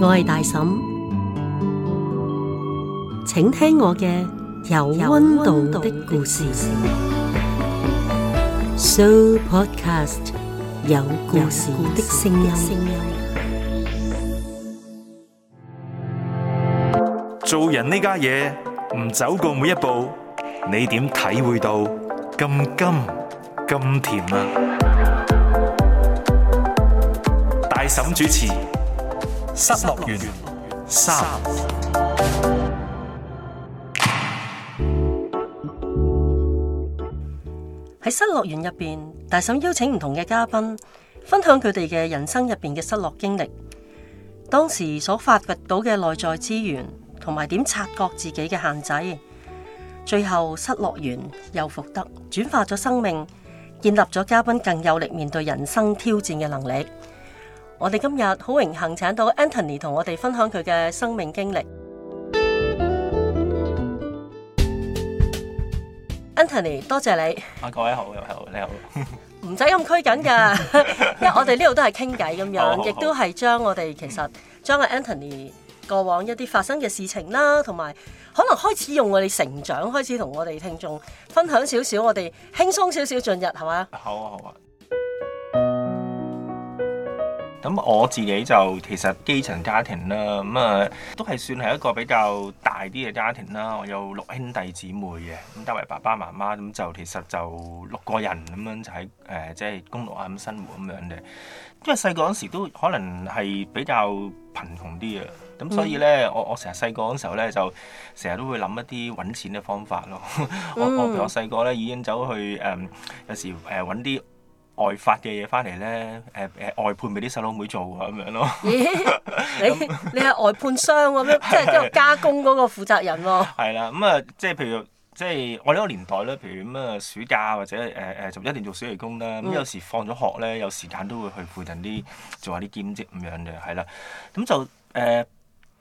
我係大嬸，請聽我嘅有溫度的故事。Show Podcast 有故事的聲音。做人呢家嘢，唔走過每一步，你點體會到咁甘咁甜啊？大嬸主持。失落園三，喺失落園入邊，大嬸邀請唔同嘅嘉賓分享佢哋嘅人生入邊嘅失落經歷，當時所發掘到嘅內在資源，同埋點察覺自己嘅限制，最後失落園又復得，轉化咗生命，建立咗嘉賓更有力面對人生挑戰嘅能力。我哋今日好榮幸請到 Anthony 同我哋分享佢嘅生命經歷。Anthony，多謝你。啊，各位好，你好，你好。唔使咁拘謹噶，因為我哋呢度都係傾偈咁樣，亦都係將我哋其實將阿 Anthony 過往一啲發生嘅事情啦，同埋可能開始用我哋成長，開始同我哋聽眾分享少少，少，我哋輕鬆少少進入，係嘛？好啊，好啊。咁、嗯、我自己就其實基層家庭啦，咁啊都係算係一個比較大啲嘅家庭啦。我有六兄弟姊妹嘅，咁加埋爸爸媽媽，咁、嗯、就其實就六個人咁樣、嗯、就喺誒即係公路啊咁生活咁樣嘅。因為細個嗰時都可能係比較貧窮啲嘅，咁所以咧、嗯、我我成日細個嗰時候咧就成日都會諗一啲揾錢嘅方法咯。 我、嗯、我我細個咧已經走去誒、嗯、有時誒揾啲。嗯外發嘅嘢翻嚟咧，誒、呃、誒、呃、外判俾啲細佬妹做喎，咁樣咯。欸、樣你你係外判商咁、啊、咩？ 的即係即係加工嗰個負責人咯。係啦，咁啊，即係譬如，即係我呢個年代咧，譬如咁啊，暑假或者誒誒做一年做暑期工啦。咁有時放咗學咧，有時間都會去附近啲做下啲兼職咁樣嘅，係、嗯、啦。咁就誒，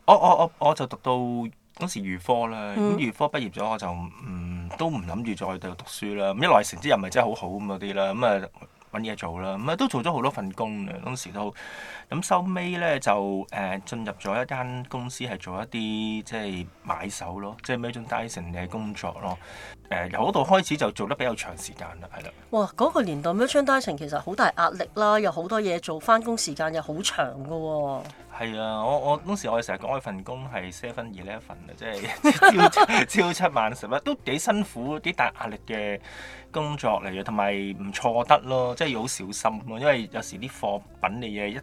我我我我就讀到嗰時預科啦。咁預科畢業咗，我就唔、嗯、都唔諗住再讀書啦。咁一來成績又唔係真係好好咁嗰啲啦，咁、嗯、啊～、嗯嗯揾嘢做啦，咁啊都做咗好多份工啊，嗰陣時都，咁收尾咧就誒進入咗一間公司係做一啲即係買手咯，即係 merchandising 嘅工作咯，誒由嗰度開始就做得比較長時間啦，係啦。哇！嗰個年代 merchandising 其實好大壓力啦，又好多嘢做，翻工時間又好長噶、哦。係啊，我我嗰時我哋成日講一份工係 Seven Eleven 一份啊，即係朝朝七晚十一，都幾辛苦幾大壓力嘅工作嚟嘅，同埋唔錯得咯，即係要好小心咯、啊，因為有時啲貨品嘅嘢一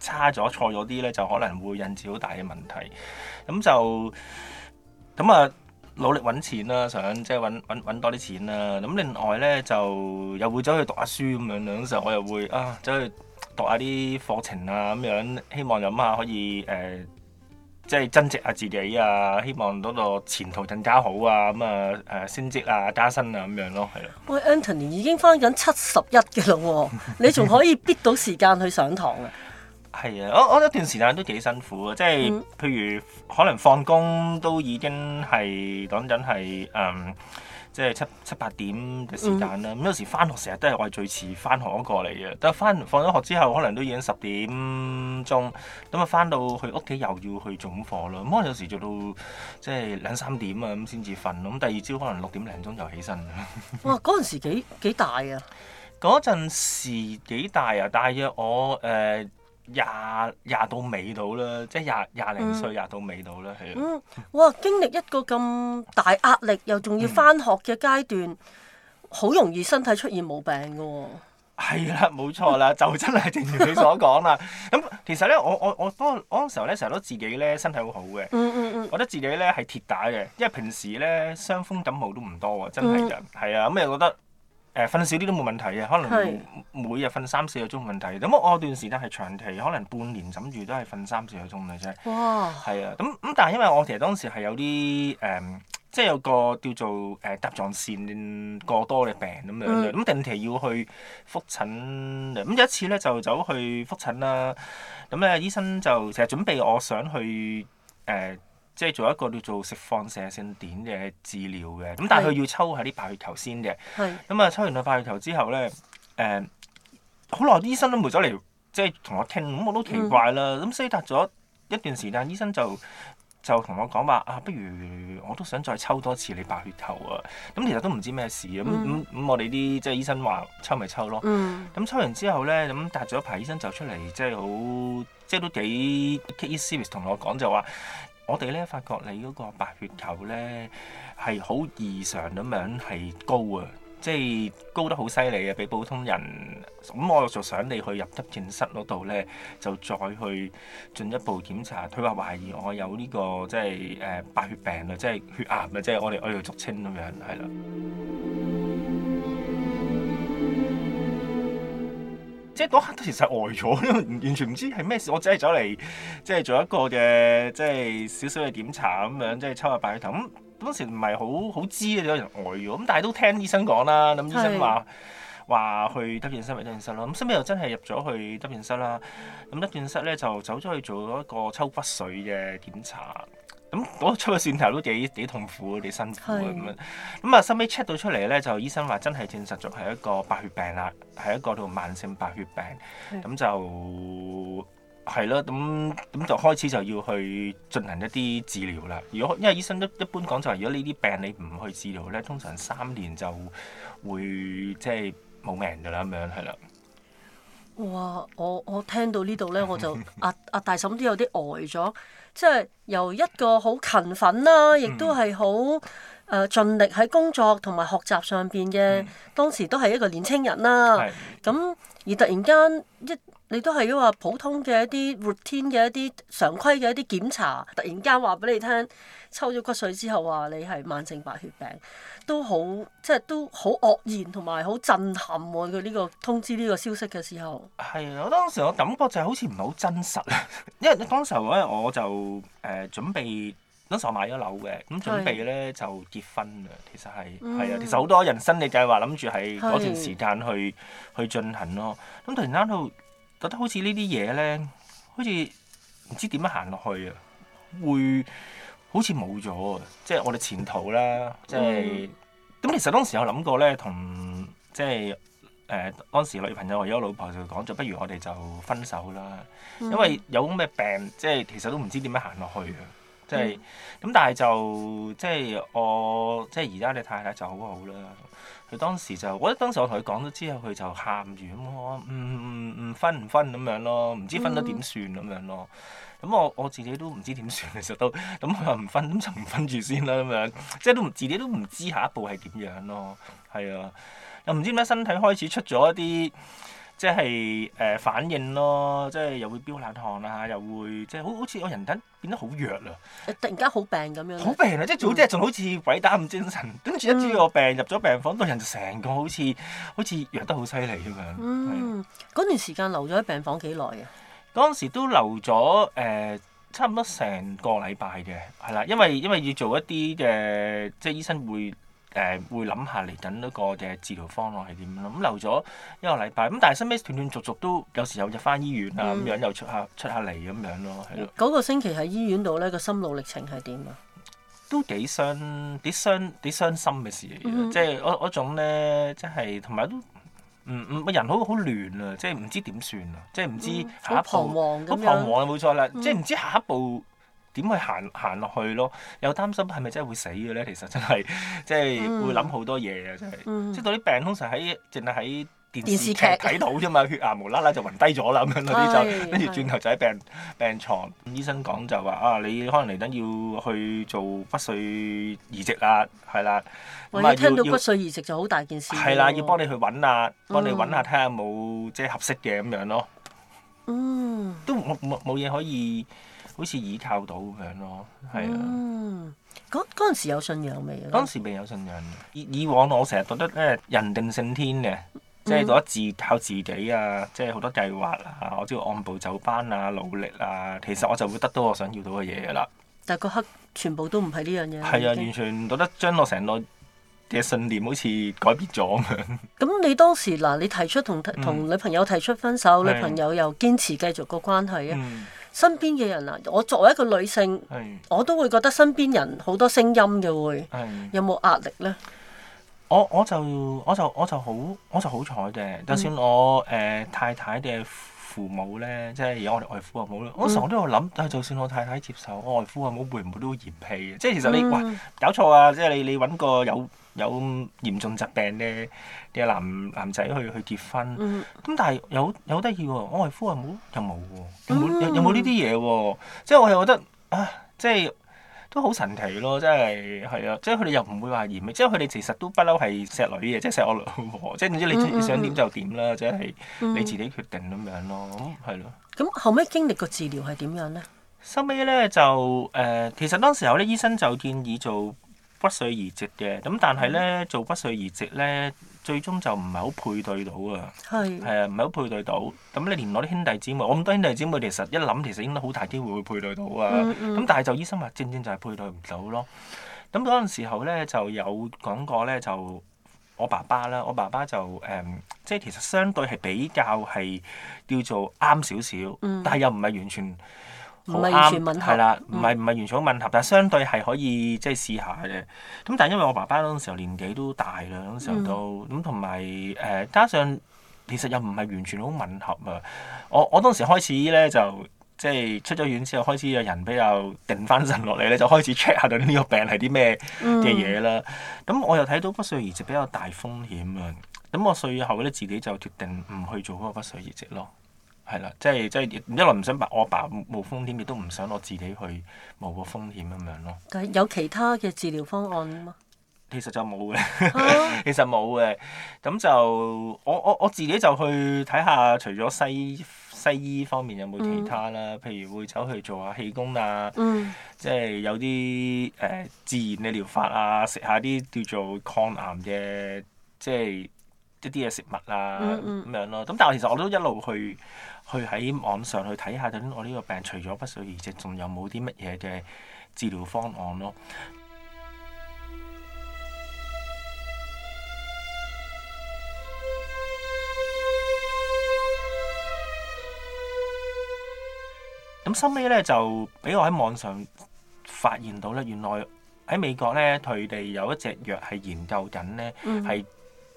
差咗錯咗啲咧，就可能會引致好大嘅問題。咁就咁啊，努力揾錢啦、啊，想即係揾揾多啲錢啦。咁另外咧就又會走去讀下書咁樣，有時候我又會啊走去。讀下啲課程啊，咁樣希望咁啊可以誒、呃，即係增值下自己啊，希望嗰個前途更加好啊，咁啊誒升職啊加薪啊咁樣咯，係咯。喂，Anthony 已經翻緊七十一嘅咯， 你仲可以逼到時間去上堂啊？係啊， 我我一段時間都幾辛苦啊，即係譬如可能放工都已經係講緊係誒。嗯即係七七八點嘅時間啦，咁、嗯、有時翻學成日都係我係最遲翻學嗰個嚟嘅，但係翻放咗學之後可能都已經十點鐘，咁啊翻到去屋企又要去做午課咯，咁啊有時做到即係兩三點啊咁先至瞓咯，咁第二朝可能六點零鐘就起身啦。 哇！嗰陣時幾，幾大啊？嗰陣時幾大啊？大約我誒。呃廿廿到尾到啦，即係廿廿零歲，廿、嗯、到尾到啦。啊、嗯，哇！經歷一個咁大壓力，又仲要返學嘅階段，好、嗯、容易身體出現毛病噶、哦。係啦，冇錯啦，就真係正如你所講啦。咁、 嗯、其實咧，我我我當時候咧，成日都自己咧身體好好嘅、嗯。嗯嗯嗯。我覺得自己咧係鐵打嘅，因為平時咧傷風感冒都唔多，啊。真係噶。係啊、嗯，咁又覺得。 嗯誒瞓少啲都冇問題嘅，可能每日瞓三四個鐘冇問題。咁是我段時間係長期，可能半年枕住都係瞓三四個鐘嘅啫。哇！係啊，咁咁但係因為我其實當時係有啲誒、嗯，即係有個叫做誒甲狀腺過多嘅病咁樣，咁定期要去覆診。咁有一次咧就走去覆診啦，咁、嗯、咧醫生就成日準備我想去誒。呃即係做一個叫做食放射性碘嘅治療嘅，咁但係佢要抽係啲白血球先嘅。咁啊是、嗯，抽完個白血球之後咧，誒、嗯，好耐，醫生都冇咗嚟，即係同我傾，咁我都奇怪啦。咁、嗯、所以達隔咗一段時間，醫生就就同我講話啊，不如我都想再抽多次你白血球啊。咁其實都唔知咩事，咁咁咁，我哋啲即係醫生話抽咪抽咯。咁、嗯嗯、抽完之後咧，咁、嗯、隔咗一排醫生就出嚟，即係好，即係都幾同我講就話、是。我哋咧發覺你嗰個白血球咧係好異常咁樣係高啊，即係高得好犀利啊，比普通人，咁我就想你去入急症室嗰度咧就再去進一步檢查。佢話懷疑我有呢、這個即係誒、呃、白血病啊，即係血癌啊，即係我哋我哋俗稱咁樣係啦。即係嗰刻都其實呆咗，因為完全唔知係咩事。我只係走嚟，即係做一個嘅，即係少少嘅檢查咁樣，即係抽下白血球。咁當時唔係好好知有個人呆咗。咁但係都聽醫生講啦。咁醫生話話是去得件室咪得件室咯。咁後尾又真係入咗去得件室啦。咁得件室咧就走咗去做咗一個抽骨髓嘅檢查。咁嗰、嗯、出個線頭都幾幾痛苦，幾辛苦咁樣。咁、嗯、啊，收尾 check 到出嚟咧，就醫生話真係證實咗係一個白血病啦，係一個咁慢性白血病。咁就係咯，咁咁、嗯嗯、就開始就要去進行一啲治療啦。如果因為醫生一一般講就係，如果呢啲病你唔去治療咧，通常三年就會即係冇命噶啦，咁樣係啦。哇！我我聽到呢度咧，我就阿阿、 啊啊、大嬸都有啲呆咗。即係由一個好勤奮啦、啊，亦都係好誒盡力喺工作同埋學習上邊嘅，當時都係一個年輕人啦、啊。咁的而突然間一，你都係話普通嘅一啲 routine 嘅一啲常規嘅一啲檢查，突然間話俾你聽。抽咗骨髓之後話你係慢性白血病，都好即係都好愕然同埋好震撼佢，啊、呢、呢個通知呢、呢個消息嘅時候。係啊，我當時我感覺就係好似唔係好真實啊，因為當時候咧我就誒，呃，準備，當時我買咗樓嘅，咁準備咧是就結婚，嗯、啊。其實係係啊，其實好多人生嘅計劃諗住喺嗰段時間去是去進行咯。咁突然間到覺得好似呢啲嘢咧，好似唔知點樣行落去啊，會。好似冇咗啊！即係我哋前途啦，即係咁。嗯、其實當時有諗過咧，同即係誒，當時女朋友或者老婆就講咗，不如我哋就分手啦，嗯、因為有咁嘅病，即係其實都唔知點樣行落去啊！即係咁，嗯、但係就即係我即係而家你太太就好好啦。佢當時就，我覺得當時我同佢講咗之後，佢就喊住咁，我唔唔唔分唔分咁樣咯，唔知分咗點算咁樣咯。咁我、嗯、我自己都唔知點算，其實都咁、嗯、我又唔瞓，咁、嗯、就唔瞓住先啦咁樣，即係都唔自己都唔知下一步係點樣咯。係啊，又唔知點解身體開始出咗一啲即係誒、呃、反應咯，即係又會飆冷汗啦、啊，又會即係好好似我人體變得好弱啦、啊，突然間好病咁樣。好病啊！嗯、即係早啲仲、嗯、好似鬼打咁精神，跟住一知我病入咗病房，個人就成個好似好似弱得好犀利咁樣。嗯，嗰段時間留咗喺病房幾耐啊？當時都留咗誒、呃，差唔多成個禮拜嘅，係啦，因為因為要做一啲嘅，即係醫生會誒、呃、會諗下嚟緊嗰個嘅治療方案係點啦。咁、嗯、留咗一個禮拜，咁但係收尾斷斷續續都有時候入翻醫院啊，咁、嗯、樣又出下出下嚟咁樣咯，係咯。嗰個星期喺醫院度咧，個心路歷程係點啊？都幾傷，幾傷，幾傷心嘅事嚟嘅，即係、嗯、我我種咧，即係同埋都。嗯嗯，人好好亂啊，即係唔知點算啊，即係唔知下一步好、嗯、彷徨冇、啊、錯啦，嗯、即係唔知下一步點去行行落去咯，又擔心係咪真係會死嘅咧？其實真係即係會諗好多嘢啊！真係，嗯嗯、即係到啲病通常喺淨係喺。電視劇睇到啫嘛，血壓無啦啦就暈低咗啦，咁樣嗰啲就跟住轉頭就喺病是的 病牀，醫生講就話啊，你可能嚟緊要去做骨髓移植啦，啊，係啦，咁啊聽到骨髓移植就好大件事，啊，係啦，要幫你去揾啊，幫你揾下睇下有冇即係合適嘅咁樣咯。嗯，都冇冇嘢可以好似倚靠到咁樣咯，係啊。嗯，嗰陣時有信仰未啊？當時未有信仰，以以往我成日覺得咧，人定勝天嘅。即係覺得自靠自己啊，即係好多計劃啊，我都要按部就班啊，努力啊，其實我就會得到我想要到嘅嘢噶啦。但係嗰刻全部都唔係呢樣嘢，係 啊，完全覺得將我成個嘅信念好似改變咗咁樣。咁 你當時嗱，你提出同同女朋友提出分手，嗯、女朋友又堅持繼續個關係啊，嗯、身邊嘅人啊，我作為一個女性，嗯、我都會覺得身邊人好多聲音嘅會，有冇壓力咧？嗯嗯嗯我我就我就我就好我就好彩嘅，嗯、就算我誒、呃、太太嘅父母咧，即係而家我哋外父外母咧，我成日都有諗，就算我太太接受我外父外母會唔會都會嫌棄，即係其實你喂、嗯、搞錯啊！即係你你揾個有有，有嚴重疾病咧嘅男男仔去去結婚，咁、嗯、但係有有得意喎，我外父外母就冇喎，有冇、嗯、有冇呢啲嘢喎？即係我又覺得啊，即係。都好神奇咯，真係，係啊，即係佢哋又唔會話嫌，即係佢哋其實都不嬲係錫女嘅，即係錫我老婆，即係唔知你想點就點啦，嗯、即係你自己決定咁樣咯，係咯。咁、嗯嗯嗯、後尾經歷個治療係點樣咧？收尾咧就誒、呃，其實當時候咧，醫生就建議做骨髓移植嘅，咁但係咧做骨髓移植咧。最終就唔係好配對到啊，係啊是，唔係好配對到。咁你連我啲兄弟姊妹，我咁多兄弟姊妹，其實一諗，其實應該好大機會會配對到啊。咁、嗯嗯、但係就醫生話，正正就係配對唔到咯。咁嗰陣時候咧就有講過咧，就我爸爸啦，我爸爸就誒、嗯，即係其實相對係比較係叫做啱少少，嗯、但係又唔係完全。唔係完全吻合，係啦了，唔係唔係完全好吻合，但係相對係可以即係、就是、試下嘅。咁但係因為我爸爸嗰陣時候年紀都大啦，嗰陣時候都咁同埋誒，加上其實又唔係完全好吻合啊。我我當時開始咧就即係出咗院之後開始個人比較定翻神落嚟咧，就開始 check 下究竟呢個病係啲咩嘅嘢啦。咁、嗯、我又睇到骨髓移植比較大風險啊，咁我最後咧自己就決定唔去做嗰個骨髓移植咯。係啦，即係即係一路唔想我爸，我爸冒風險，亦都唔想我自己去冒個風險咁樣咯。但係有其他嘅治療方案嘛？其實就冇嘅，啊、 其實冇嘅。咁就我我我自己就去睇下除，除咗西西醫方面有冇其他啦，嗯、譬如會走去做下氣功啊，即係、嗯、有啲誒、呃、自然嘅療法啊，食下啲叫做抗癌嘅即係一啲嘅食物啊咁、嗯嗯嗯、樣咯。咁但係其實我都一路去。去喺網上去睇下，究竟我呢個病除咗骨髓移植，仲有冇啲乜嘢嘅治療方案咯？咁收尾呢，就俾我喺網上發現到呢，原來喺美國呢，佢哋有一隻藥係研究緊呢，係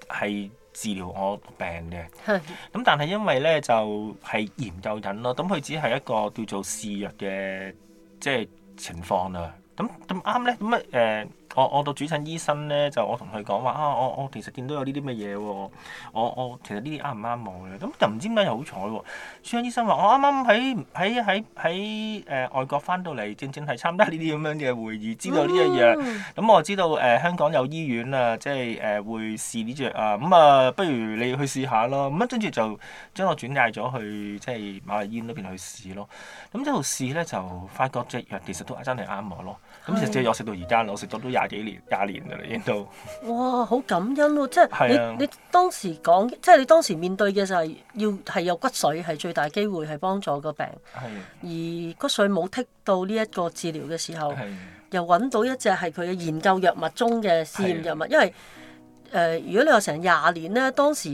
係、嗯。治療我病嘅，咁、 嗯、但係因為咧就係、是、研究緊咯，咁、嗯、佢只係一個叫做試藥嘅即係情況啦。咁咁啱咧，咁啊誒。嗯呃我我到主診醫生咧，就我同佢講話啊，我我其實見到有呢啲咩嘢喎，我我其實合合我呢啲啱唔啱我嘅，咁就唔知點解又好彩喎。主診醫生話我啱啱喺喺喺喺誒外國翻到嚟，正正係參加呢啲咁樣嘅會議，知道呢一樣。咁、嗯嗯、我知道誒、呃、香港有醫院啊，即係誒、呃、會試呢隻啊，咁、嗯、啊不如你去試下咯。咁跟住就將我轉介咗去即係瑪麗醫院嗰邊去試咯。咁之後試咧就發覺隻藥其實都真係啱我咯。咁實際我食到而家咯，我食咗都廿幾年、廿年嘅啦，已經都。哇！好感恩喎、啊，即係你、啊、你當時講，即係你當時面對嘅就係要係有骨髓，係最大機會係幫助個病。啊、而骨髓冇剔到呢一個治療嘅時候，啊、又揾到一隻係佢嘅研究藥物中嘅試驗藥物，啊、因為誒、呃，如果你話成廿年呢，當時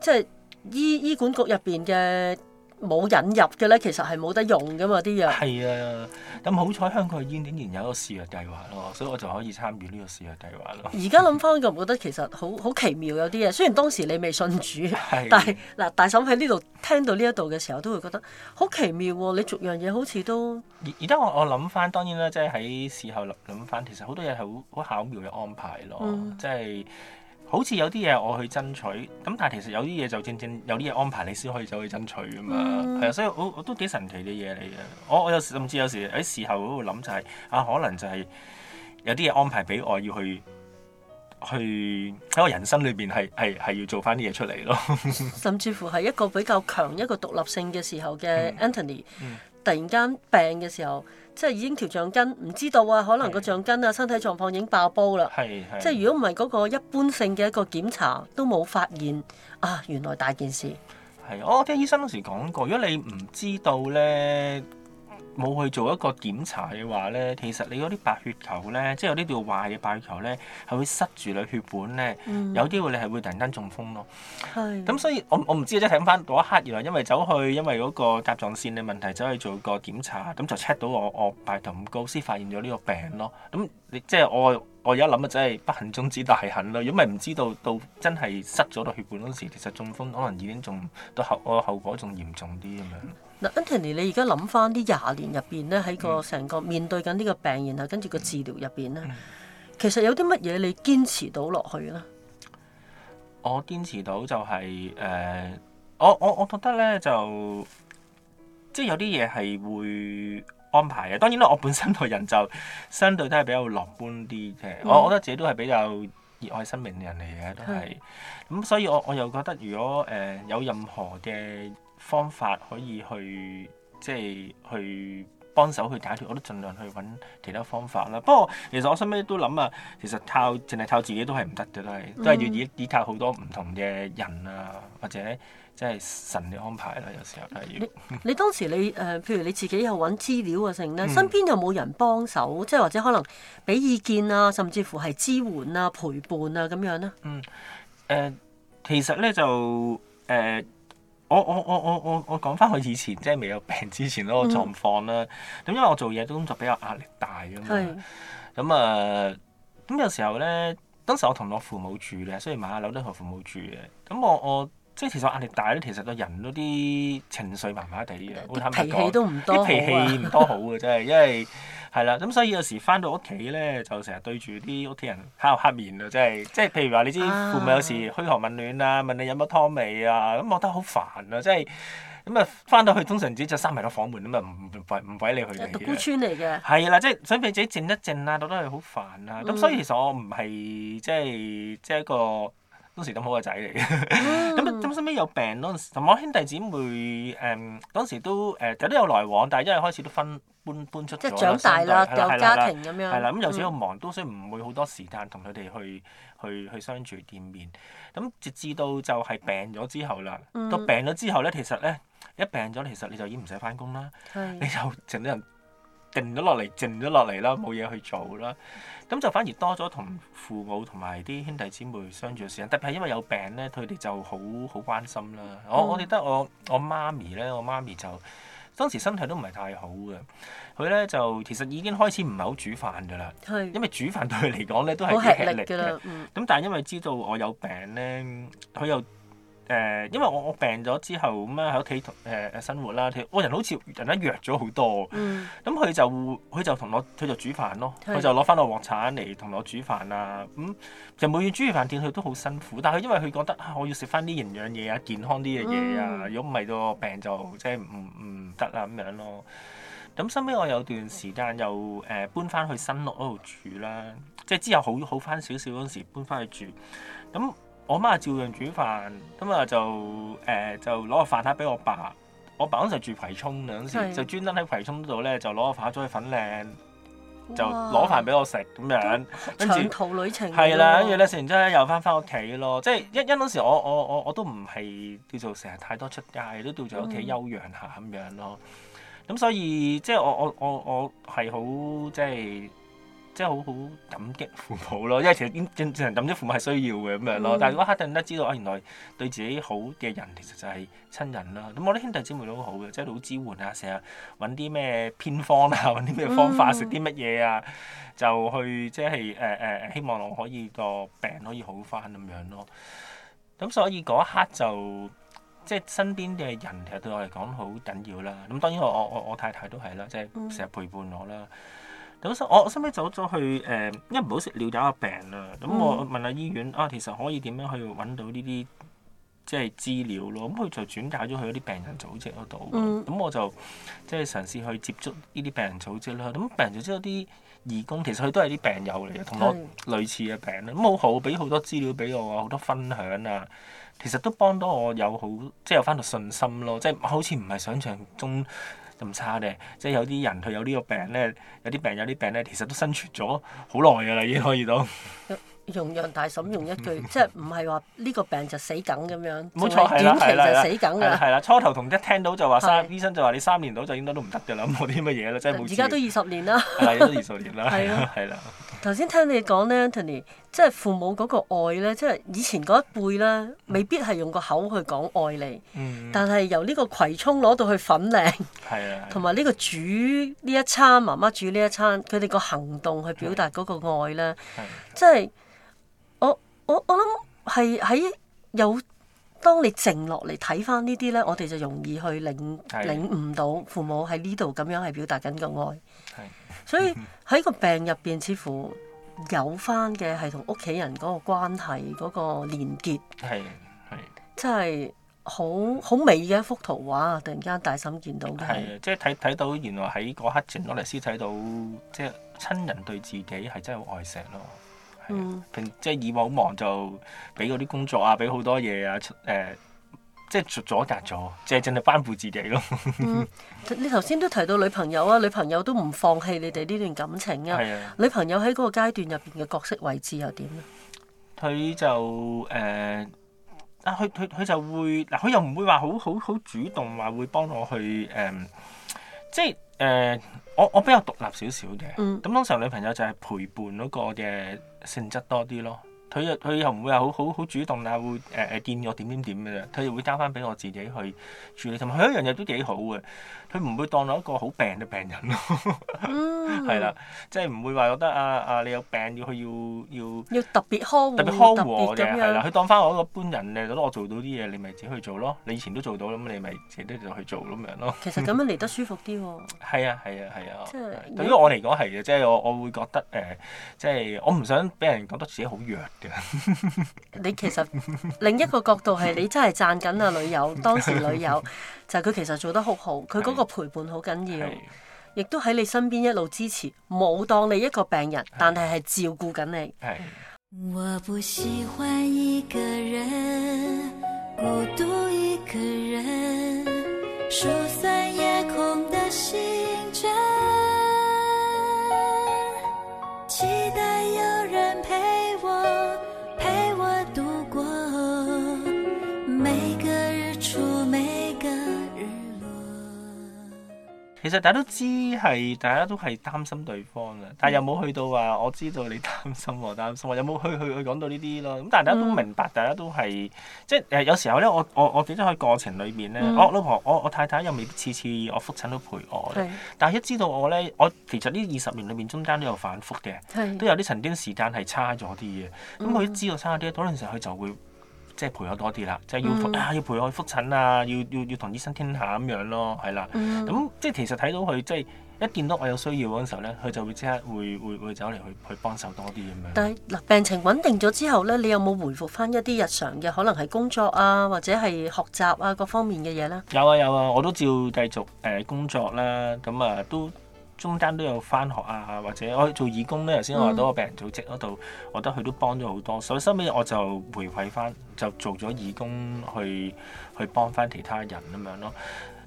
即係醫醫管局入邊嘅。冇引入嘅咧，其實係冇得用嘅嘛啲嘢。係啊，咁好彩香港嘅醫院竟然有一個試藥計劃咯，所以我就可以參與呢個試藥計劃咯。而家諗翻，我覺得其實好好奇妙有，有啲嘢雖然當時你未信主，的但係嗱，大嬸喺呢度聽到呢一度嘅時候，都會覺得好奇妙、啊。你逐樣嘢好似都而家我我諗翻，當然啦，即係喺事後諗諗翻，其實好多嘢係好好巧妙嘅安排咯，嗯、即係。好似有啲嘢我去爭取，咁但係其實有啲嘢就正正有啲嘢安排，你先可以走去爭取㗎嘛。係啊、嗯，所以我我都幾神奇嘅嘢嚟嘅。我我有時甚至有時喺事後嗰度諗就係、是、啊，可能就係有啲嘢安排俾我要去去喺我人生裏邊係係係要做翻啲嘢出嚟咯。甚至乎係一個比較強一個獨立性嘅時候嘅 Anthony，嗯嗯、突然間病嘅時候。即係已經條橡筋，唔知道啊，可能個橡筋啊身體狀況已經爆煲啦。是是是即係如果唔係嗰個一般性嘅一個檢查都冇發現啊，原來大件事。係我聽醫生當時講過：「如果你唔知道呢。」冇去做一個檢查嘅話咧，其實你嗰啲白血球咧，即係有啲叫壞嘅白血球咧，係會塞住你血管咧，嗯、有機會你係會突然間中風咯。咁是所以我我唔知即係睇翻嗰一刻，原來因為走去因為嗰個甲狀腺嘅問題走去做個檢查，咁就 check 到我我白血球咁高，先發現咗呢個病咯。咁你即係、就是、我我而家諗啊，真係不幸中之大幸咯。如果唔係唔知道到真係塞咗個血管嗰時，其實中風可能已經仲到後我，後果仲嚴重啲咁樣。嗯嗱，Anthony，你而家諗翻啲廿年入邊咧，喺個成個面對緊呢個病，然後跟住個治療入邊咧，其實有啲乜嘢你堅持到落去咧？我堅持到就係、是、誒、呃，我我我覺得咧就即係有啲嘢係會安排嘅。當然啦，我本身個人就相對都係比較樂觀啲嘅。我、嗯、我覺得自己都係比較熱愛生命嘅人嚟嘅，都係咁。是的 所以我我又覺得如果誒、呃、有任何嘅方法可以去即係去幫手去解決，我都盡量去搵其他方法啦。不過其實我身邊都諗啊，其實靠淨係靠自己都係唔得嘅，都係、嗯、都係要倚依靠好多唔同嘅人啊，或者即係神嘅安排啦、啊。有時候都係要。你， 你當時你誒、呃，譬如你自己有搵資料啊，剩啦、嗯、身邊有冇人幫手？即係或者可能俾意見啊，甚至乎係支援啊、陪伴啊咁樣咧？嗯、誒、呃，其實咧就誒。呃呃我我我我我我講翻我以前即係未有病之前嗰個狀況啦。咁、嗯、因為我做嘢都工作比較壓力大噶嘛。咁啊是，咁、呃、有時候咧，當時我同我父母住嘅，雖然買下樓都同父母住嘅。咁我我。我即係其實壓力大咧，其實個人都啲情緒麻麻地嘅，好那坦白講。脾氣都唔多，啲、啊、脾氣唔多好嘅真係， 因為係啦，咁所以有時翻到屋企咧，就成日對住啲屋企人，黑口黑面啊，真係，即係譬如話你知父母、啊、有時噓寒問暖啊，問你飲乜湯未啊，咁、嗯、覺得好煩啊，即係咁啊，翻到去通常自己就閂埋咗房門咁啊，唔唔唔鬼你去嘅。獨孤村嚟嘅。係啦，即係想俾自己靜一靜啊，覺得佢好煩啊。咁所以其實我唔係即係即係一個。嗯嗯當時咁好個仔嚟嘅，咁咁後尾有病嗰陣時，同我兄弟姊妹誒、嗯、當時都誒其實都有來往，但係因為開始都分搬搬出咗，即係長大啦，代有家庭咁樣。係啦，咁由此又忙，都所以唔會好多時間同佢哋去去去，去相處見面。咁、嗯、直至到就係病咗之後啦，到病咗之後咧，其實咧一病咗，其實你就已經唔使返工啦，你就成個人。靜咗落嚟，靜咗落嚟啦，冇嘢去做啦。咁就反而多咗同父母同埋啲兄弟姊妹相處嘅時間，特別係因為有病咧，佢哋就好好關心啦。我我記得我我媽咪咧，我媽咪就當時身體都唔係太好嘅，佢咧就其實已經開始唔係好煮飯噶啦，是因為煮飯對佢嚟講咧都係好吃力嘅。咁、嗯、但係因為知道我有病咧，佢又。誒，因為我我病咗之後，咁咧喺屋企同誒誒生活啦，我人好似人一弱咗好多。咁佢、嗯嗯、就佢就同我，佢就煮飯咯。佢是就攞翻個鑊鏟嚟同我煮飯啊。咁、嗯、就每月煮飯點，佢都好辛苦。但係因為佢覺得、啊、我要食翻啲營養嘢啊，健康啲嘅嘢啊。如果唔係到病就即係唔唔得啊咁樣咯。咁、嗯、後尾我有段時間又誒、呃、搬翻去新屋嗰度住啦，即係之後好好翻少少嗰陣時搬翻去住。咁、嗯。我媽照樣煮飯，咁啊就誒、呃、就攞個飯盒俾我爸。我爸嗰時住葵涌，嗰是時就專登喺葵涌度咧就攞個飯去粉嶺，哇就攞飯俾我食咁樣。長途旅程係啦，跟住咧食完之後咧又翻翻屋企咯。即係因因嗰時我我我我都唔係叫做成日太多出街，都叫做喺屋企休養下咁樣咯。咁所以即係我我我我係好即係。即係好好感激父母咯，因為其實正正常感激父母係需要嘅咁樣咯。但係嗰一刻突然間知道原來對自己好嘅人其實就係親人啦。咁我啲兄弟姊妹都好嘅，即係好支援啊，成日揾啲咩偏方啊，揾啲咩方法食啲乜嘢啊，就去即係誒誒希望我可以個病可以好返咁樣咯。咁所以嗰一刻就即係身邊嘅人其實對我嚟講好緊要啦。咁當然我我我太太都係啦，即係成日陪伴我啦。咁我我收尾走咗去誒，因為唔好識了解下病啦。咁我問下醫院啊，其實可以點樣去揾到呢啲即係資料咯？咁佢就轉介咗去啲病人組織嗰度。咁、嗯、我就即係嘗試去接觸呢啲病人組織啦。咁病人組織嗰啲義工其實佢都係啲病友嚟嘅，同我類似嘅病。咁好好，俾好多資料俾我啊，好多分享啊。其實都幫到我有好，即係有翻個信心咯。即係好似唔係想象中。咁差咧，即係有啲人佢有呢個病咧，有啲病有啲病咧，其實都生存咗好耐㗎啦，嗯、已經可以到。容用大嬸用一句，嗯、即係唔係話呢個病就死梗咁樣？冇錯係短期就死梗㗎。係啦、啊啊啊啊，初頭同一聽到就話三、啊、醫生就話你三年到就應該都唔得㗎啦，冇啲乜嘢啦，即係冇。而家都二十年啦。係而家都二十年啦。係咯、 啊，係啦、啊。頭先聽你講咧，Anthony，即係父母嗰個愛咧，即係以前嗰一輩咧，未必係用個口去講愛你，嗯、但係由呢個葵涌攞到去粉嶺，係啊的，同埋呢個煮呢一餐媽媽煮呢一餐，佢哋個行動去表達嗰個愛咧，即係我我我諗係喺有。當你靜落嚟睇翻呢啲咧，我哋就容易去領的領悟到父母喺呢度咁樣係表達緊個愛。係的，所以喺個病入邊，似乎有翻嘅係同屋企人嗰個關係嗰、嗰個連結。係係，真係好好美嘅一幅圖畫。突然間，大嬸見到嘅係，即係睇睇到原來喺嗰刻靜落嚟先睇到，即、就、係、是、親人對自己係真係愛錫咯。嗯、平即係以往忙就俾嗰啲工作啊，俾好多嘢啊，誒、呃，即係阻隔咗，即係淨係擔負自己咯、嗯。你頭先都提到女朋友啊，女朋友都唔放棄你哋呢段感情啊。嗯、女朋友喺嗰個階段入邊嘅角色位置又點咧？佢就誒，啊，佢佢佢就會嗱，佢又唔會話好好好主動話會幫我去誒、嗯，即係誒、呃，我我比較獨立少少嘅。咁、嗯、當時女朋友就係陪伴嗰個嘅性質多啲咯。佢又佢又唔會話好好主動啊！會誒誒、呃、見我點點點嘅啫，佢又會交翻俾我自己去處理。同埋佢一樣嘢都幾好嘅，佢唔會當我一個好病嘅病人咯。 嗯，係啦，即係唔會話覺得啊啊，你有病要去要要要特別呵護特別呵護㗎係啦。佢當翻我一般人，你覺得我做到啲嘢，你咪自己去做咯。你以前都做到咁，你咪自己就去做咁樣咯。 其實咁樣嚟得舒服啲喎、哦。係啊係啊係啊！對於我嚟講係嘅，即係我我，我會覺得誒，即、uh, 係我唔想俾人覺得自己好弱。 你其實另一個角度係你真係讚緊啊女友，當時女友就係佢其實做得好好，佢嗰個陪伴好緊要，亦都喺你身邊一路支持，冇當你一個病人，但係係照顧緊你。我不喜歡一個人，人， 孤獨一個人疏散夜空的星辰其實大家都知係，大家都係擔心對方啦。但係又冇去到話，我知道你擔心我，擔心我。有冇去去去講到呢啲咯？咁大家都明白，大家都係、嗯、即係有時候咧，我我我記得喺過程裏面咧、嗯哦，我老婆我我太太又未必次次我覆診都陪我是但係一知道我咧，我其實呢二十年裏面中間都有反覆嘅，是都有啲曾經時間係差咗啲嘅。咁佢一知道差咗啲，嗰陣時佢就會。嗯即係陪我多啲啦，即係要、嗯、啊要陪我去覆診啊，要要要同醫生傾下咁樣咯，係啦。咁、嗯嗯嗯、即係其實睇到佢即係一見到我有需要嗰陣時候咧，佢就會即刻會會會走嚟去去幫手多啲咁樣。但係嗱，病情穩定咗之後咧，你有冇回復翻一啲日常嘅可能係工作啊，或者係學習啊各方面嘅嘢咧？有啊有啊，我都照繼續誒工作啦，咁啊，啊都。中間都有翻學啊，或者我做義工咧。頭先我話到個病人組織嗰度，嗯、我覺得佢都幫咗好多。所以收尾我就回饋翻，就做咗義工去去幫翻其他人咁樣咯。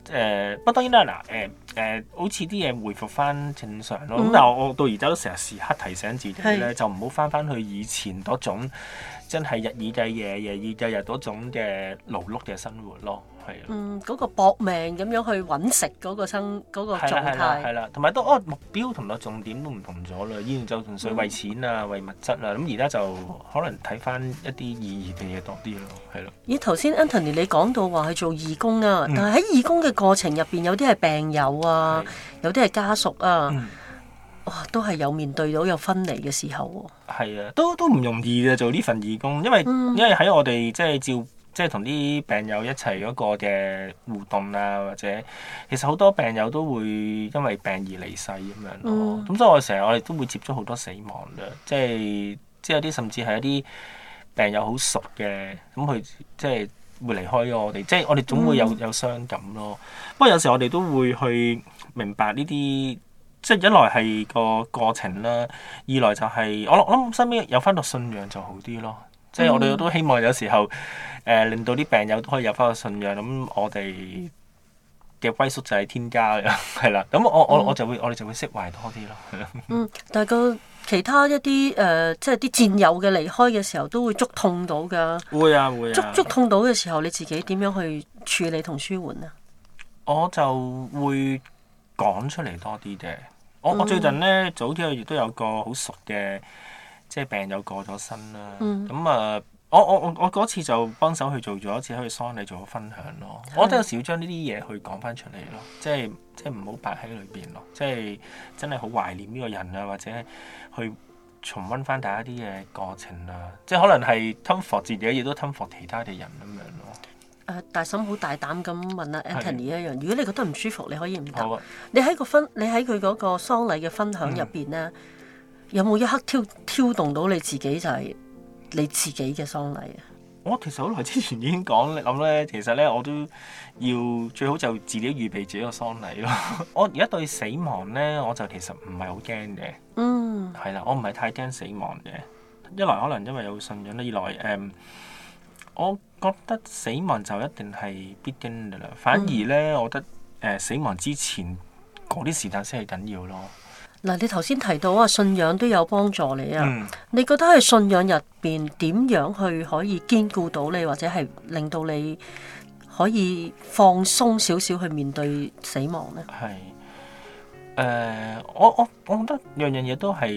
誒、呃，不當然啦，嗱、呃，誒、呃、誒，好似啲嘢回復翻正常咯。咁、嗯、但係我到而家都成日時刻提醒自己咧，是就唔好翻翻去以前嗰種真係日以繼夜、夜以繼日嗰種嘅勞碌嘅生活咯。嗯，嗰、那個搏命咁樣去搵食嗰個生嗰、那個狀態，啦、啊，同埋、啊啊、都哦目標同落重點都唔同咗啦。以前就純粹為錢啊、嗯、為物質啊，咁而家就可能睇翻一啲意義嘅嘢多啲咯，係咯、啊。咦，頭先 Anthony 你講到話去做義工啊，但係喺義工嘅過程入邊，有啲係病友啊，嗯、有啲係家屬啊，哇、嗯哦，都係有面對到有分離嘅時候喎、啊。係啊，都都唔容易嘅，做呢份義工，因為、嗯、因為喺我哋即係照。即係同啲病友一齊嗰個嘅互動啊，或者其實好多病友都會因為病而離世咁樣咯。咁、嗯、所以我成日我哋都會接觸好多死亡咧，即係即係有啲甚至係一啲病友好熟嘅，咁佢即係會離開咗我哋，即係我哋總會有有傷感咯。嗯、不過有時我哋都會去明白呢啲，即係一來係個過程啦，二來就係、是、我我諗身邊有翻個信仰就好啲咯。即係我哋都希望有時候誒、呃、令到啲病友都可以有翻個信仰，咁我哋嘅歸宿就係天家嘅，係啦。咁我我我就會我哋就會釋懷多啲咯。嗯，但係個其他一啲誒、呃，即係啲戰友嘅離開嘅時候，都會觸痛到噶、啊。會啊會啊！觸觸痛到嘅時候，你自己點樣去處理同舒緩啊？我就會講出嚟多啲嘅。我、嗯、我最近咧早啲，亦都有個好熟嘅。即係病友過咗身啦，咁啊、嗯嗯，我我我我嗰次就幫手去做咗一次喺喪禮做咗分享咯。我覺得有時要將呢啲嘢去講翻出嚟咯，即係即係唔好擺喺裏邊咯。即係真係好懷念呢個人啊，或者去重溫翻大家啲嘅過程啊。即係可能係吞服自己，亦都吞服其他嘅人咁樣咯。呃、大嬸好大膽咁問阿、啊、Anthony 一樣。是如果你覺得唔舒服，你可以唔得。啊、你喺個分，你喺佢嗰個喪禮嘅分享入邊咧。嗯有冇一刻挑挑動到你自己？就係你自己嘅喪禮啊！我其實好耐之前已經講諗咧，其實咧我都要最好就自己預備自己個喪禮咯。 我而家對死亡咧，我就其實唔係好驚嘅。嗯，係啦，我唔係太驚死亡嘅。一來可能因為有信仰，二來誒、嗯，我覺得死亡就一定係必經嘅啦。反而咧，嗯、我覺得誒、呃、死亡之前嗰啲時間先係緊要咯。嗱，你頭先提到啊，信仰都有幫助你啊。嗯、你覺得喺信仰入邊點樣去可以堅固到你，或者係令到你可以放鬆少少去面對死亡呢？係，誒、呃，我我我覺得樣樣嘢都係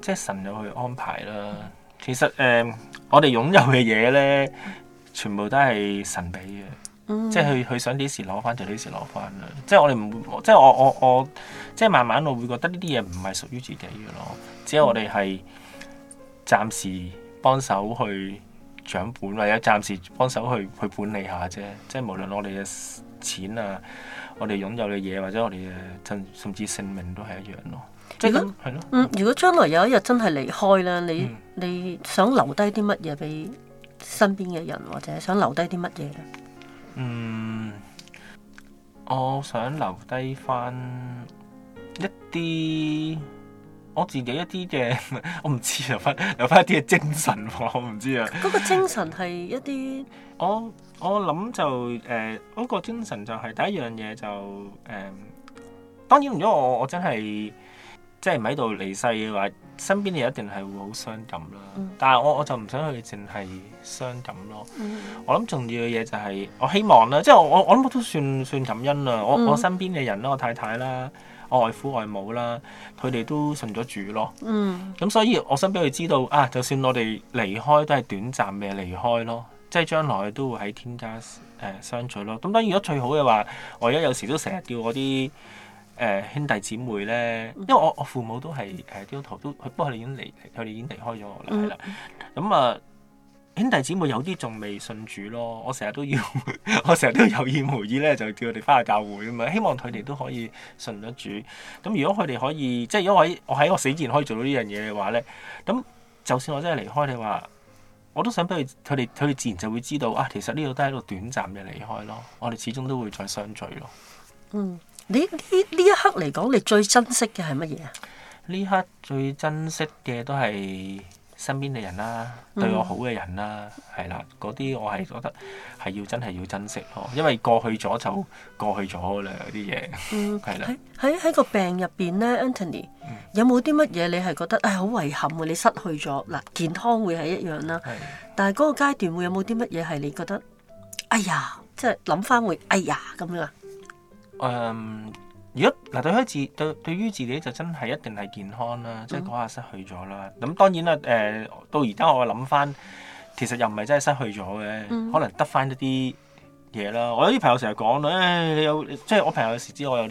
即係神有去安排啦。嗯、其實誒、呃，我哋擁有嘅嘢呢，全部都係神俾嘅。嗯、即係佢佢想幾時攞翻就幾時攞翻啦！即係我哋唔會即係我我我即係慢慢我會覺得呢啲嘢唔係屬於自己嘅咯，只係我哋係暫時幫手去掌本，或者暫時幫手去去管理下啫。即係無論我哋嘅錢啊，我哋擁有嘅嘢，或者我哋嘅甚至性命都係一樣咯。即樣如係果咯，如果將來有一日真係離開咧，你、嗯、你想留低啲乜嘢俾身邊嘅人，或者想留低啲乜嘢？嗯，我想留低翻一啲我自己一啲嘅，我唔知留翻留翻一啲嘅精神，我唔知啊。嗰個精神係一啲，我我諗就誒、嗰、呃嗰個精神就係、是、第一樣嘢就誒、呃，當然如果我我真係即係唔喺度離世嘅話。身邊嘅人一定係會好傷感啦，嗯、但係我我就唔想佢淨係傷感咯。嗯、我諗重要嘅嘢就係我希望啦，即、就、係、是、我我我都算算感恩啦。我、嗯、我身邊嘅人啦，我太太啦，我外父外母啦，佢哋都信咗主咯。咁、嗯、所以我想俾佢知道啊，就算我哋離開都係短暫嘅離開咯，即、就、係、是、將來都會喺天家誒、呃、相聚咯。咁當然如果最好嘅話，我而家有時都成日叫嗰啲。誒、呃、兄弟姊妹咧，因為我我父母都係誒基督徒都，不過佢哋已經離，佢哋已經離開咗我啦，係啦。咁、嗯、啊、嗯嗯嗯，兄弟姊妹有啲仲未信主咯，我成日都要，我成日都有意無意咧就叫佢哋翻去教會咁啊，希望佢哋都可以信得主。咁、嗯嗯嗯、如果佢哋可以，即係如果我喺我，我死之前可以做到呢樣嘢嘅話咧，咁就算我真係離開你話，我都想俾佢，佢哋佢哋自然就會知道啊。其實呢個都係一個短暫嘅離開咯，我哋始終都會再相聚咯。嗯你呢呢一刻嚟講，你最珍惜嘅係乜嘢啊？呢刻最珍惜嘅都係身邊嘅人啦，嗯、對我好嘅人啦，係啦，嗰啲我係覺得係要真係要珍惜咯，因為過去咗就過去咗啦，嗰啲嘢係啦。喺喺個病入邊咧，Anthony 有冇啲乜嘢你係覺得唉好、嗯哎、遺憾嘅、啊？你失去咗嗱，健康會係一樣啦、啊。係。但係嗰個階段會有冇啲乜嘢係你覺得？哎呀，即係諗翻會，哎呀咁樣啊！誒，um, 如果嗱、啊、對於自對對於自己就真係一定係健康啦，即係嗰下失去咗啦。咁、嗯、當然啦，誒、呃、到而家我諗翻，其實又唔係真係失去咗嘅，嗯、可能得翻一啲嘢啦。我有啲朋友成日講咧，你有即係、就是、我朋友有時知我有啲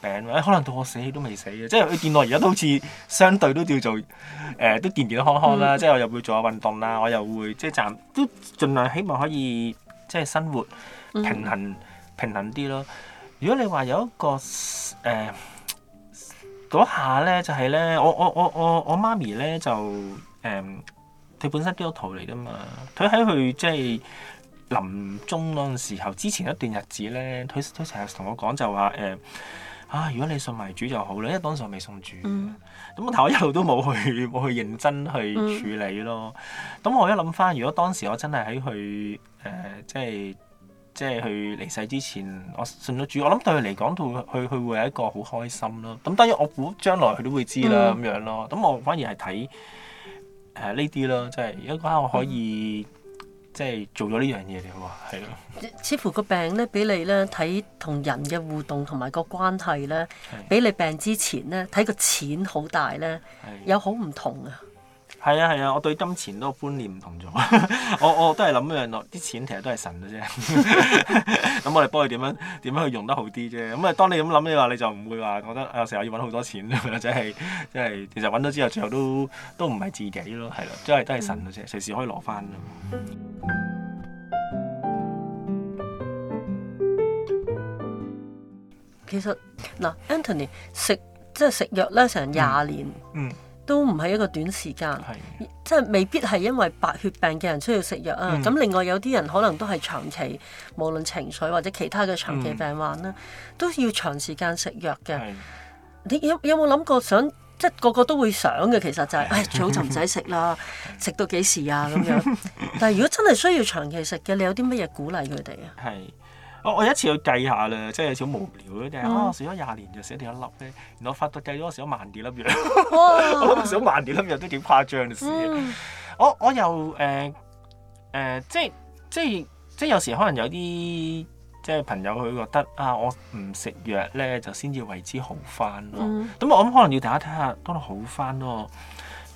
病，誒、哎、可能到我死都未死嘅，即係佢見到我而家都好似相對都叫做誒、呃、都健健康康啦，嗯嗯、即係我又會做下運動啦，我又會即係暫都儘量希望可以即係生活平衡、嗯、平衡啲咯。如果你話有一個誒嗰、呃、下咧，就係、是、咧，我我我我我媽咪咧就誒，佢、呃、本身都係基督徒嚟噶嘛，佢喺佢即係臨終嗰陣時候之前一段日子咧，佢佢成日同我講就話誒、呃，啊如果你信埋主就好啦，因為當時我未信主，咁我、嗯、我一路都冇去冇去認真去處理咯。咁、嗯、我一諗翻，如果當時我真係喺佢誒即係。即係佢離世之前，我信咗主，我諗對佢嚟講，佢佢會係一個好開心咯。咁當然，我估將來佢都會知啦，咁、嗯、樣咯。咁我反而係睇誒呢啲咯，即係如果我可以、嗯、即係做咗呢樣嘢嘅話，係咯。似乎個病咧，俾你咧睇同人嘅互動同埋個關係咧，俾的你病之前咧睇個錢好大咧，的有好唔同啊。係啊，係啊，我對金錢嗰個觀念唔同咗， 我我都係諗一樣咯，啲錢其實都係神嘅啫。咁 我哋幫佢點樣點樣去用得好啲啫。咁啊，當你咁諗嘅話，你就唔會話覺得啊，哎，成日要揾好多錢，或者係即係其實揾咗之後，最後都都唔係自己咯，係咯，啊，即係都係神嘅啫，隨時可以攞翻。其實嗱，Anthony 食即係食藥咧成廿年。嗯。都唔係一個短時間，的即係未必係因為白血病嘅人需要食藥啊。咁、嗯、另外有啲人可能都係長期，無論情緒或者其他嘅長期病患啦、啊，嗯、都要長時間食藥嘅。的你有有冇諗過想，即係個個都會想嘅，其實就係、是，唉的、哎，早就唔使食啦，食 到幾時啊咁樣。但係如果真係需要長期食嘅，你有啲乜嘢鼓勵佢哋啊？我、哦、我一次去計下啦，即係有少少無聊嗰啲啊！食咗廿年就食一粒一粒咧，然後發覺計咗我食咗萬幾粒藥，我諗食咗萬幾粒藥都幾誇張嘅事。我我又誒誒，即係即係即係有時可能有啲即係朋友佢覺得啊，我唔食藥咧就先至為之好翻咯。咁、嗯、我諗可能要大家睇下，當好翻咯。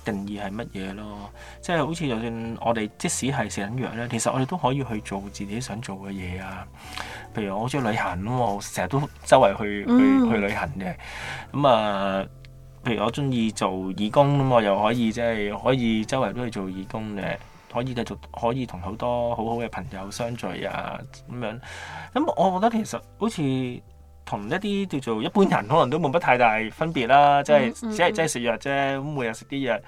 定義係乜嘢咯？即係好似就算我哋即使係食緊藥咧，其實我哋都可以去做自己想做嘅嘢啊。譬如我好中意旅行，咁我成日都周圍去去去旅行嘅。咁、嗯、啊、嗯，譬如我中意做義工咁、嗯，我又可以即係、就是、可以周圍都去做義工嘅，可以繼續可以同好多好好嘅朋友相聚啊咁樣。咁、嗯、我覺得其實好似。同一啲叫做一般人，可能都冇乜太大分別啦。即係，只係、嗯嗯，即係食藥啫。咁每日食啲藥，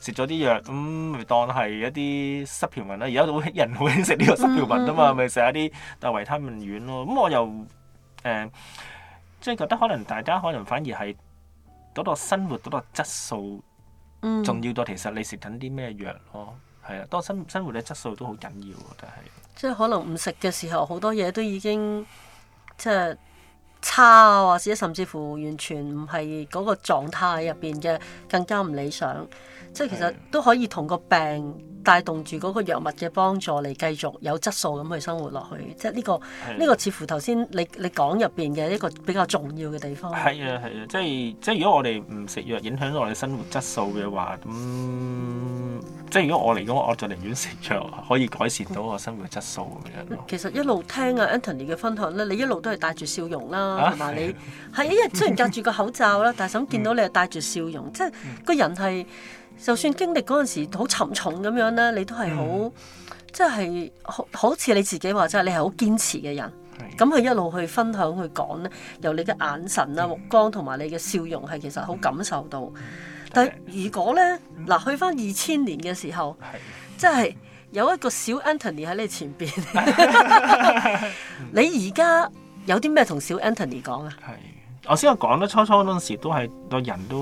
食咗啲藥，咁、嗯、咪當係一啲濕調品啦。而家好多人好興食呢個濕調品啊嘛，咪食、嗯嗯、一啲大維他命丸咯。咁、嗯嗯、我又誒、呃，即係覺得可能大家可能反而係嗰個生活嗰個質素，重要到其實你食緊啲咩藥咯。係啊，當生生活嘅質素都好緊要啊，但係即係可能唔食嘅時候，好多嘢都已經即係。差啊，或者甚至乎完全唔係嗰個狀態入邊嘅，更加唔理想。即係其實都可以同個病。帶動住嗰個藥物嘅幫助你繼續有質素咁去生活落去，即係呢個呢是的 個似乎頭先你你講入邊嘅一個比較重要嘅地方。係啊，係啊，即係即係如果我哋唔食藥影響到我哋生活質素嘅話，咁、嗯、即係如果我嚟講，我就寧願食藥可以改善到我生活質素咁樣。其實一路聽啊、嗯、Anthony 嘅分享咧，你一路都係帶住笑容啦、就是，同埋、啊、你係因為雖然隔住個口罩啦，但係咁見到你係帶住笑容，即係個人係。言嗯就算經歷嗰陣時好沉重咁樣咧，你都係好，即係好好似你自己話齋，你係好堅持嘅人。咁佢一路去分享去講咧，由你嘅眼神啊、目光同埋你嘅笑容，係其實好感受到。但係如果咧，嗱去返二千年嘅時候，即係有一個小 Anthony 喺你前邊，你而家有啲咩同小 Anthony 講啊？我先我講得初初嗰陣時都都、嗯啊都，都係個人都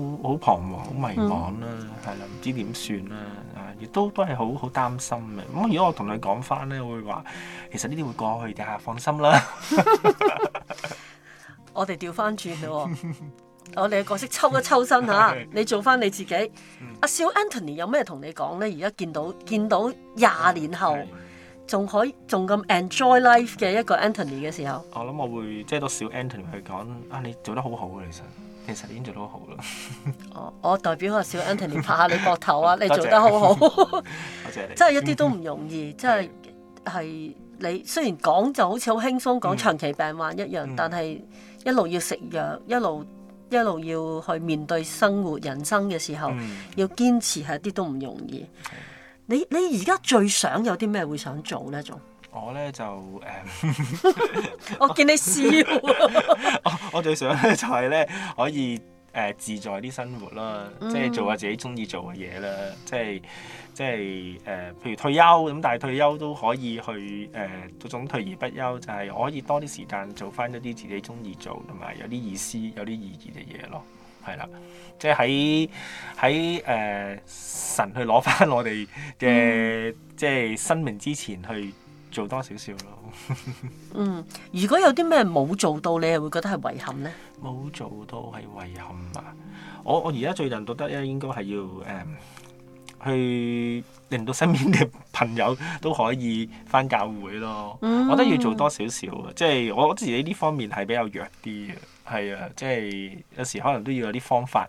係好好彷徨、好迷茫啦，係啦，唔知點算啦，啊，亦都都係好好擔心嘅。咁如果我同你講翻咧，我會話其實呢啲會過去嘅，放心啦。我哋調翻轉咯，我哋嘅角色抽一抽身吓， 是的 你做翻你自己。阿、嗯啊、少 Anthony 有咩同你講咧？而家見到見到廿年後。嗯仲可以仲咁 enjoy life 嘅一個 Anthony 嘅時候，我諗我會即係到小 Anthony 去講、嗯、啊，你做得好好啊！其實其實已經做得好好啦。 哦，我代表個小 Anthony 拍下你膊頭啊， 你做得好好。多謝你，真係一啲都唔容易，真係係你雖然講就好似好輕鬆講長期病患一樣，嗯、但係一路要食藥，一路一路要去面對生活人生嘅時候，嗯、要堅持係一啲都唔容易。Okay. 你你而家最想有啲咩會想做呢？仲我呢就誒，嗯、 我見你笑。我我最想咧就係咧可以誒、呃、自在啲生活啦，即係做下自己中意做嘅嘢啦，嗯、即係即係誒，譬如退休咁，但係退休都可以去誒嗰、呃、種退而不休，就係、是、可以多啲時間做翻一啲自己中意做同埋有啲意思、有啲意義嘅嘢咯。係啦，即係喺喺誒神去攞翻我哋嘅，嗯、即係生命之前去做多少少咯。 嗯，如果有啲咩冇做到，你係會覺得係遺憾咧？冇做到係遺憾啊！我我而家最近覺得咧，應該係要誒去令到身邊嘅朋友都可以翻教會咯。嗯、我我覺得要做多少少即係我我自己呢方面係比較弱啲嘅。係啊，即係有時可能都要有啲方法，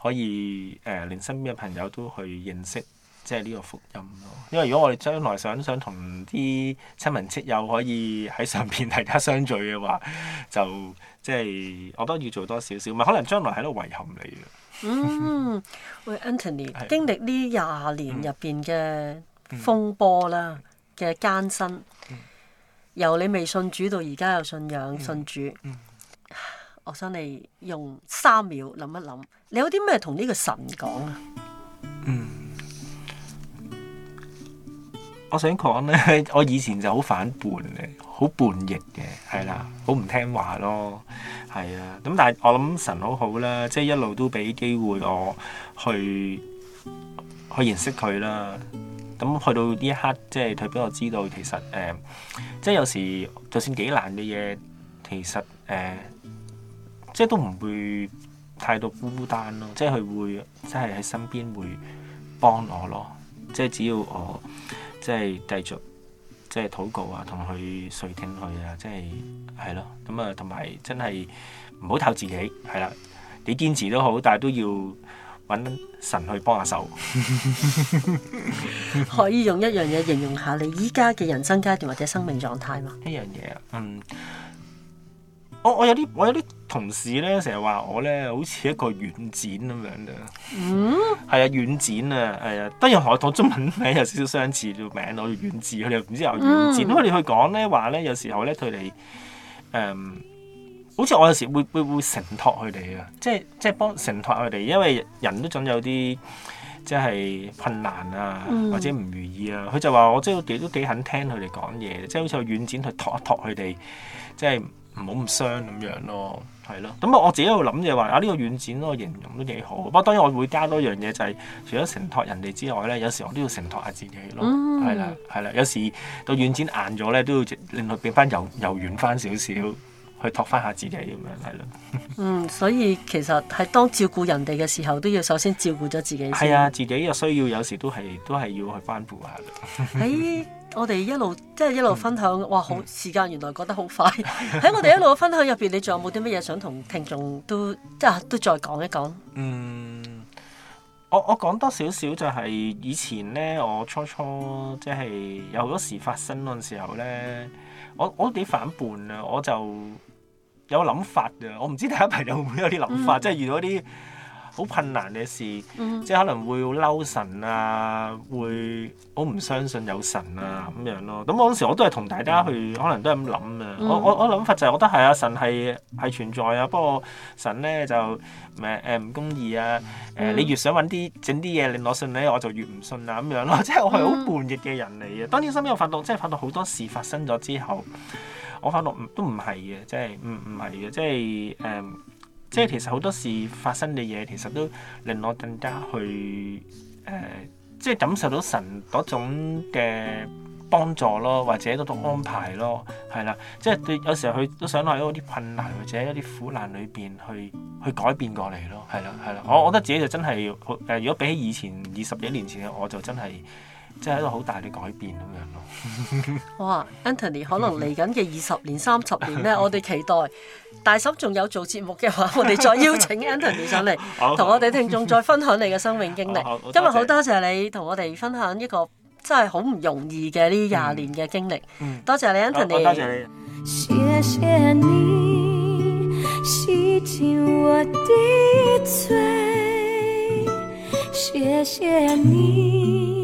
可以誒、呃，連身邊嘅朋友都去認識，即係呢個福音咯。因為如果我哋將來想想同啲親朋戚友可以喺上邊大家相聚嘅話，就即係我都要做多少少，唔係可能將來喺度遺憾你啊。 嗯，喂，Anthony，的經歷呢廿年入邊嘅風波啦嘅、嗯、艱辛，嗯、由你未信主到而家又信仰信主。嗯嗯嗯我想你用三秒諗一諗，你有啲咩同呢個神講啊？嗯，我想講咧，我以前就好反叛嘅，好叛逆嘅，係啦，好唔聽話咯，係啊。咁但係我諗神好好啦，即係一路都俾機會我去去認識佢啦。咁去到呢一刻，即係佢俾我知道，其實誒、呃，即係有時就算幾難嘅嘢，其實誒。呃即係都唔會太多孤單咯，即係佢會即係喺身邊會幫我咯，即係只要我即係繼續即係禱告啊，同佢碎聽佢啊，即係係咯，咁啊，同埋真係唔好靠自己，係啦，你堅持都好，但係都要揾神去幫下手。 可以用一樣嘢形容下你依家嘅人生階段或者生命狀態嘛？一樣嘢啊，嗯。我有啲我有啲同事咧，成日話我咧好似一個軟剪咁樣嘅。係啊軟剪啊？係啊，當然同我和中文名有少少相似，條名我，我軟字佢哋唔知有軟剪。佢哋、嗯、去講咧話咧，有時候咧佢哋誒，好似我有時會會會承托佢哋啊，即係即係幫承托佢哋，因為人都總有啲即係困難啊或者唔如意啊。佢、嗯、就話我即係都，都幾肯聽佢哋講嘢，即係好似有軟剪去托一托佢哋，即係。唔好咁傷咁樣咯，係咯。咁啊，我自己喺度諗嘅話啊，呢、這個軟剪個形容都幾好。不過當然我會加多樣嘢，就係、是、除咗承托人哋之外咧，有時我都要承托下自己咯，係啦、嗯，係啦。有時到軟剪硬咗咧，都要令佢變翻柔，柔軟翻少少。去托翻下自己咁樣係咯。嗯，所以其實係當照顧人哋嘅時候，都要首先照顧咗自己。係啊，自己有需要，有時都係都係要去翻顧下。喺 我哋一路即係、就是、一路分享，哇！好時間原來過得好快。喺我哋一路分享入邊， 你仲有冇啲乜嘢想同聽眾都即係、啊、都再講一講？嗯，我我講多少少就係以前咧，我初初即係有好多事發生嗰時候咧，我我幾反叛啊，我就。有諗法㗎，我唔知大家朋友會唔會有啲諗法，嗯、即係遇到啲好困難嘅事，嗯、即係可能會好嬲神啊，會好唔相信有神啊咁樣咯。咁我嗰陣時我都係同大家去，嗯、可能都係咁諗啊。我我我諗法就係，我覺得係啊，神係係存在啊，不過神咧就誒誒唔公義啊。誒、呃嗯，你越想揾啲整啲嘢令我信咧，我就越唔信啊咁樣咯。即係我係好叛逆嘅人嚟嘅。當天身邊有發覺，即係發覺好多事發生咗之後。我發覺都唔係嘅，即係唔唔係嘅，即係誒、嗯，即係其實好多事發生嘅嘢，其實都令我更加去誒、呃，即係感受到神嗰種嘅幫助咯，或者嗰種安排咯，係啦、嗯，即係對有時候佢都想喺嗰啲困難或者一啲苦難裏邊去、嗯、去改變過嚟咯，係啦係啦，我覺得自己就真係誒，如果比起以前二十幾年前嘅我，就真係。即係一個好大嘅改變咁樣咯。哇，Anthony 可能嚟緊嘅二十年、三十年咧，我哋期待大嬸仲有做節目嘅話，我哋再邀請 Anthony 上嚟，同 好我哋聽眾再分享你嘅生命經歷。今日 好，好，好多謝，多謝你同我哋分享一個真係好唔容易嘅呢廿年嘅經歷。多謝你，Anthony。多謝你。